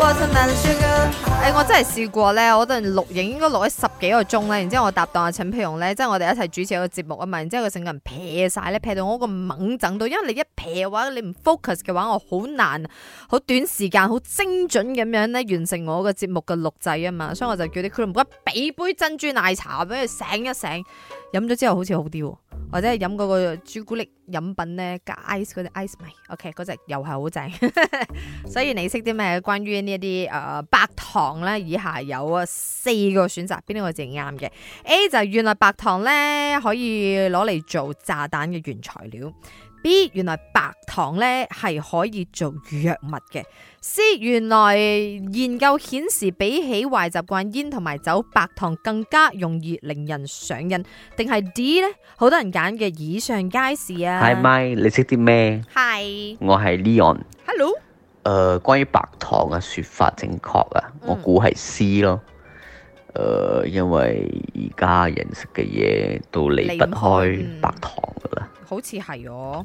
我真係試過呢。我陣錄影應該錄喺十幾個鐘呢。然之後我搭檔阿陳皮容咧，即係我哋一齊主持一個節目啊嘛，然之後佢成個人劈曬呢，劈到我個猛震到，因為你一劈嘅話，你唔 focus 嘅話，我好難好短時間好精準咁樣呢，完成我個節目嘅錄製啊嘛，所以我就叫啲苦力哥俾杯珍珠奶茶俾佢醒一醒，飲咗之後好似好啲。或者係飲嗰個朱古力飲品咧加 ice 嗰隻 ice 味，OK 嗰隻又係好正。 所以你識啲咩關於呢一啲誒白糖咧？以下有啊，C 四個選擇，邊個最啱嘅？A 就係原來白糖咧可以攞嚟做炸彈嘅原材料。B 原來白。糖咧係可以做藥物嘅。C，原來研究顯示，比起壞習慣煙同埋酒，白糖更加容易令人上癮。定係 D 咧？好多人揀嘅以上皆是啊。Hi Mike，你識啲咩？係我係 Leon。Hello。誒，關於白糖嘅說法正確啊？我估係 C 咯。誒，因為而家人食嘅嘢都離唔開白糖噶啦。好似係哦。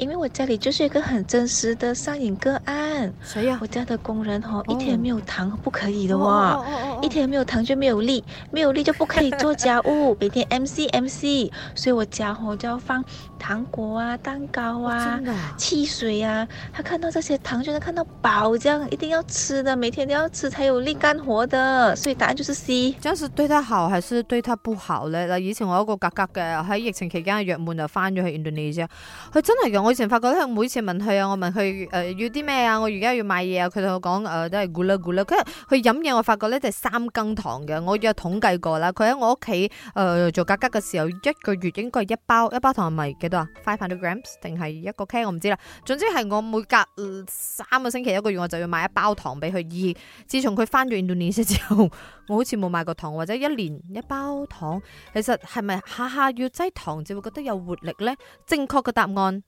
因為我家裏就是一個很真實的上癮個案。誰呀、啊？我家的工人吼、哦，oh. 一天沒有糖不可以的哇、哦！Oh. Oh. Oh. Oh. 一天沒有糖就沒有力，沒有力就不可以做家務。 每天 M C M C，所以我家吼、哦、就要放糖果啊、蛋糕啊、oh, 汽水呀、啊。他看到這些糖就能看到飽，這樣一定要吃的，每天都要吃才有力幹活的。所以答案就是 C。這樣是對他好還是對他不好呢？那以前我一個格格嘅，喺疫情期間的約滿就翻咗去 Indonesia，佢真係讓以前發覺每次問佢、呃、啊，我問佢，誒，要啲咩啊，我而家要買嘢啊，佢同我講，誒都係 Gula Gula。其實佢飲嘢我發覺咧，就係三羹糖嘅，我有統計過啦。佢喺我屋企誒做格吉嘅時候，一個月應該係一包一包糖，係咪幾多啊？Five hundred grams 定係一個 kg？我唔知啦。總之係我每隔、呃、三個星期一個月我就要買一包糖俾佢。二，自從佢翻咗印度尼西亞之後，我好似冇買過糖或者一年一包糖。其實係咪下下要擠糖就會覺得有活力呢？正確嘅答案。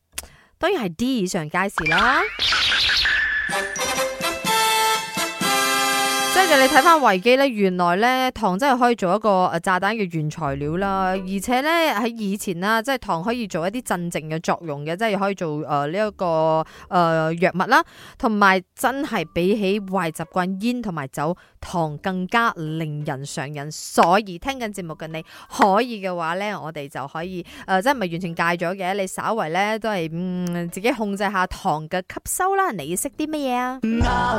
當然係啲以上皆是啦。即係你睇翻維基咧，原來咧，糖真係可以做一個誒炸彈嘅原材料啦，而且咧，喺以前啦，即係糖可以做一啲鎮靜嘅作用嘅，即係可以做誒呢一個誒藥物啦，同埋真係比起壞習慣煙同埋酒，糖更加令人上癮，所以聽緊節目嘅你可以嘅話咧，我哋就可以誒，即係唔係完全戒咗嘅，你稍為咧都係嗯自己控制下糖嘅吸收啦。你要識啲乜嘢啊？